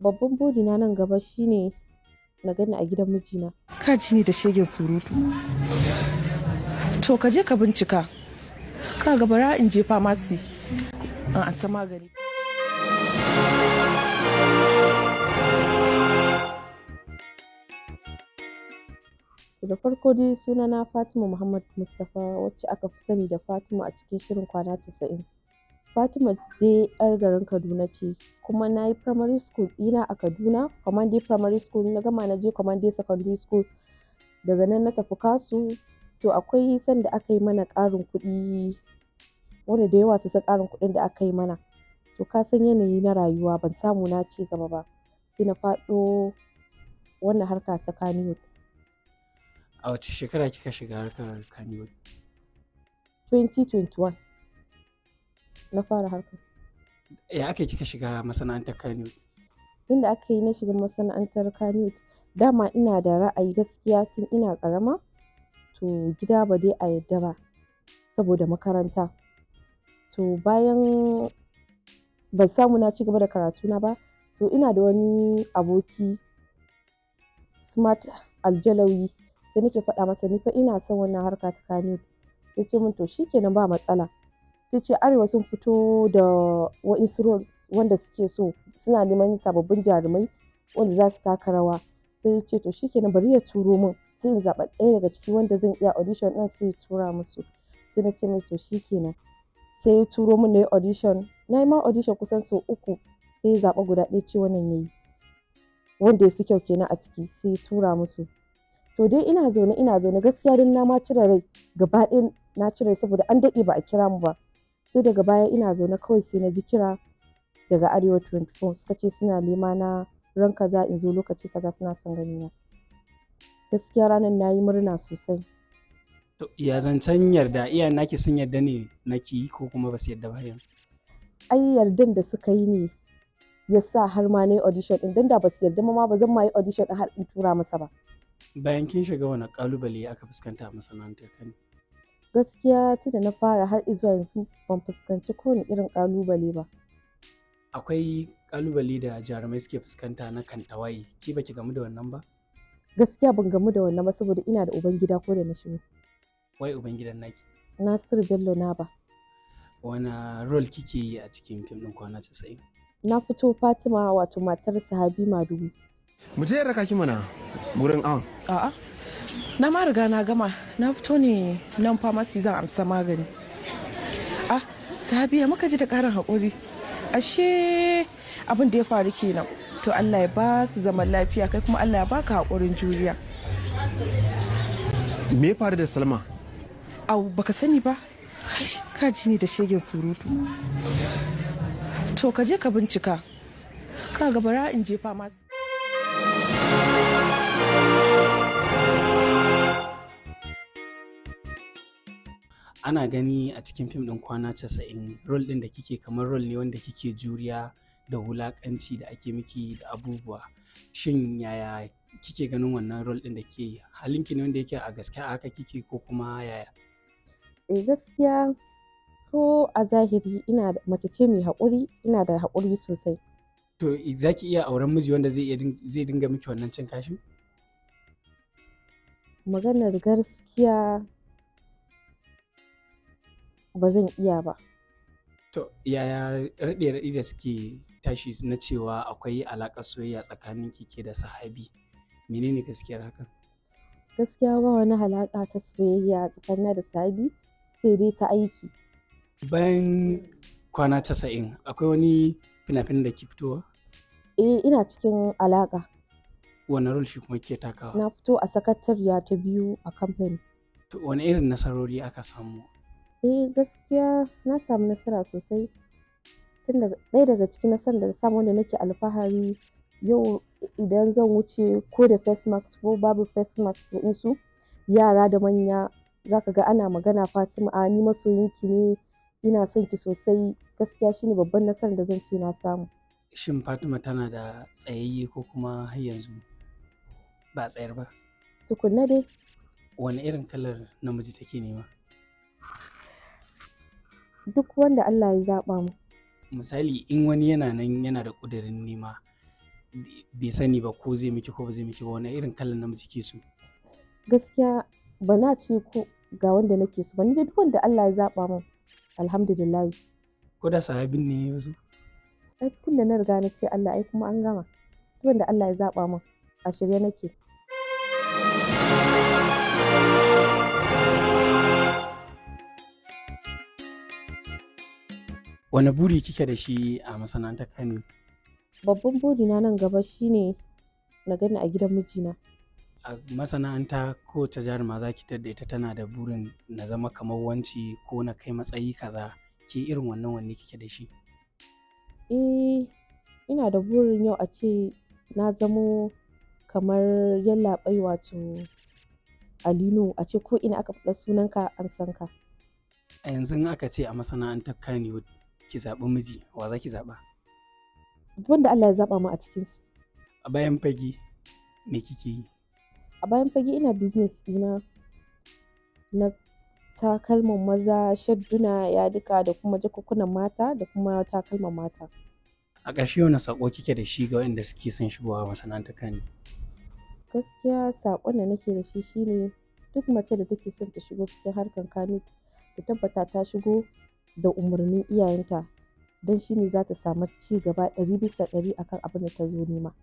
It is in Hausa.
babban na nan gaba shine na gani a gidan mijina ka ji ni da shegen surutu to ka je ka bincika ka ga bara in je famasi in an sama magani da farko dai sunana fatima muhammad mustapha wacce aka fi sani da fatima a cikin shirin kwana 90 Fatima dai 'yar garin Kaduna ce kuma na yi primary school ɗina a Kaduna, Commonday Primary School, na gama na je Commonday Secondary School, daga nan na tafi KASU. To akwai sanda aka yi mana ƙarin kuɗi, wanda da yawa sai karin ƙarin kuɗin da aka yi mana. To ka san yanayi na rayuwa ban samu na ci gaba ba, sai na faɗo wannan harka ta Kannywood. A wace shekara kika shiga harkar Kannywood? 2021. na fara harka ya ake kika shiga masana'antar Kano inda aka yi na shiga masana'antar Kano dama ina da ra'ayi gaskiya tun ina karama to gida ba dai a yadda ba saboda makaranta to bayan ban samu na ci gaba da karatuna ba so ina da wani aboki smart aljalawi sai nake faɗa masa ni fa ina son wannan harka ta Kano sai ce min to shikenan ba matsala sai ce arewa sun fito da wa'insu wanda suke so suna neman sababbin jarumai wanda za su taka rawa sai ya ce to shikenan bari ya turo min sai in zaɓa ɗaya daga ciki wanda zan iya audition ɗin sai ya tura musu sai na ce mai to shikenan sai ya turo min na yi audition na yi ma audition kusan sau uku sai ya zaɓa guda ɗaya ce wannan ya yi wanda ya fi kyau kenan a ciki sai ya tura musu to dai ina zaune ina zaune gaskiya dai na ma cire rai gaba ɗaya na cire saboda an daɗe ba a kira mu ba sai daga baya ina zaune kawai sai na ji kira daga arewa 24 suka ce suna nema na ran kaza in zo lokaci kaza suna son gani na gaskiya ranar na yi murna sosai to ya zancen yarda iyayen naki sun yarda ne naki ko kuma ba su yarda ba ai yardan da suka yi ne ya sa har ma na yi audition din dan da ba su yarda ma ba zan ma yi audition har in tura masa ba bayan kin shiga wani kalubale aka fuskanta a masana'antar kani. gaskiya tunda na fara har izuwa yanzu ban fuskanci kowane irin ƙalubale ba akwai ƙalubale da jarumai suke fuskanta na kantawaye ki baki gamu da wannan ba gaskiya ban gamu da wannan ba saboda ina da ubangida ko da na shigo wai ubangidan naki Nasiru Bello na ba. wani rol kike yi a cikin fim ɗin kwana 90 na fito Fatima wato matar Sahabi madubi mu je raka ki mana gurin awon a'a na ma riga na gama na fito ne nan famasi zan amsa magani ah sabiya muka ji da karin haƙuri ashe abin da ya faru kenan to allah ya ba su zaman lafiya kai kuma allah ya baka haƙurin juriya me ya faru da salma au baka sani ba ka ji ne da shegen surutu to ka je ka bincika ka gabara in je masu ana gani a cikin fim ɗin kwana casa'in rol ɗin da kike kamar rol ne wanda kike juriya da wulaƙanci da ake miki da abubuwa shin yaya kike ganin wannan rol ɗin da ke yi halinki ne wanda yake a gaske a haka kike ko kuma yaya e gaskiya ko a zahiri ina da mace ce mai haƙuri ina da haƙuri sosai to za iya auren miji wanda zai dinga miki wannan cin kashin maganar gaskiya ba zan iya ba to yaya raɗe-raɗe da suke tashi na cewa akwai alaƙar soyayya tsakanin kike da sahabi menene gaskiyar hakan gaskiya ba wani alaƙa ta soyayya tsakanin da sahabi sai dai ta aiki bayan kwana casa'in akwai wani fina-finan da ke fitowa eh ina cikin alaƙa wani rol shi kuma ke takawa na fito a sakatariya ta biyu a kamfani to wani irin nasarori aka samu Eh gaskiya na samu nasara sosai. Tun daga ɗaya daga cikin nasarar da samu wanda nake alfahari yau idan zan wuce ko da face mask ko babu face mask su yara da manya za ka ga ana magana Fatima a ni masoyinki ne, ina son ki sosai. Gaskiya shine babban nasarar da zan ce na samu. Shin Fatima tana da tsayayye ko kuma har yanzu ba tsayar ba? Tukunna dai. Wani irin kalar namiji take nema? duk wanda Allah ya zaɓa mu. Misali in wani yana nan yana da ƙudurin nema bai sani ba ko zai miki ko ba zai miki ba wani irin kallon namiji ke so. Gaskiya ba na ce ko ga wanda nake so ba ni da duk wanda Allah ya zaɓa min alhamdulillah. Ko da sahabin ne ya zo? Tun da na riga na ce Allah ai kuma an gama. Duk wanda Allah ya zaɓa min a shirye nake. wani buri kike da shi a masana'antar kano babban buri na nan gaba shine na gani a gidan mijina a masana'anta ko ta jaruma za ki tadda ita tana da burin na zama kamar wanci ko na kai matsayi kaza ke irin wannan wanne kike da shi eh ina da burin yau a ce na zamo kamar yallaɓai wato alino a ce ko ina aka faɗa sunanka an san ka a yanzu aka ce a masana'antar Kano. ki zaɓi miji wa za ki zaɓa wanda Allah ya zaɓa mu a cikinsu a bayan fage me kike yi a bayan fage ina business ɗina na takalman maza shadduna yadika da kuma jakukunan mata da kuma takalman mata a ƙarshe wani saƙo kike da shi ga waɗanda suke son shigowa masana'anta kan gaskiya saƙon da nake da shi shine duk mace da take son ta shigo cikin harkar kanu ta tabbata ta shigo da umarnin iyayenta don shi ne za ta samu ci gaba ɗari bisa ɗari akan abin da ta zo nema.